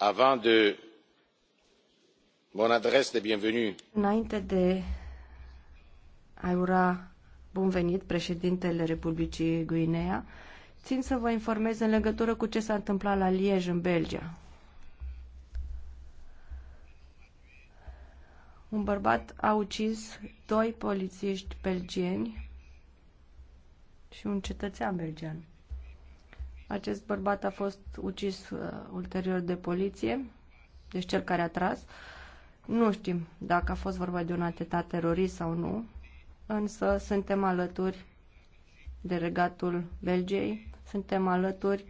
avant de mon adresse de bienvenue înainte de a ura bun venit președintele Republicii Guinea, țin să vă informez în legătură cu ce s-a întâmplat la Liege, în Belgia. Un bărbat a ucis doi polițiști belgieni și un cetățean belgian. Acest bărbat a fost ucis uh, ulterior de poliție, deci cel care a tras. Nu știm dacă a fost vorba de un atentat terorist sau nu, însă suntem alături de regatul Belgiei, suntem alături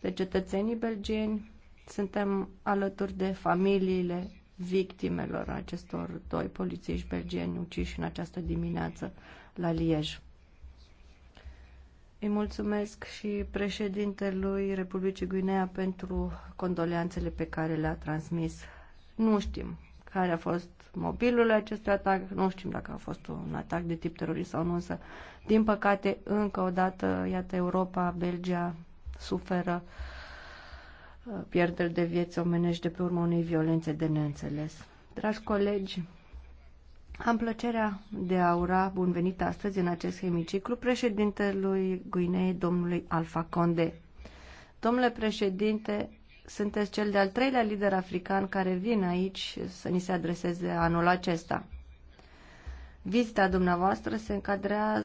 de cetățenii belgieni, suntem alături de familiile victimelor acestor doi polițiști belgieni uciși în această dimineață la Liege. Îi mulțumesc și președintelui Republicii Guinea pentru condoleanțele pe care le-a transmis. Nu știm care a fost mobilul acestui atac, nu știm dacă a fost un atac de tip terorist sau nu, însă, din păcate, încă o dată, iată, Europa, Belgia suferă uh, pierderi de vieți omenești de pe urma unei violențe de neînțeles. Dragi colegi, am plăcerea de a ura bun venit astăzi în acest hemiciclu președintelui Guinei, domnului Alfa Conde. Domnule președinte, sunteți cel de-al treilea lider african care vine aici să ni se adreseze anul acesta. Vizita dumneavoastră se încadrează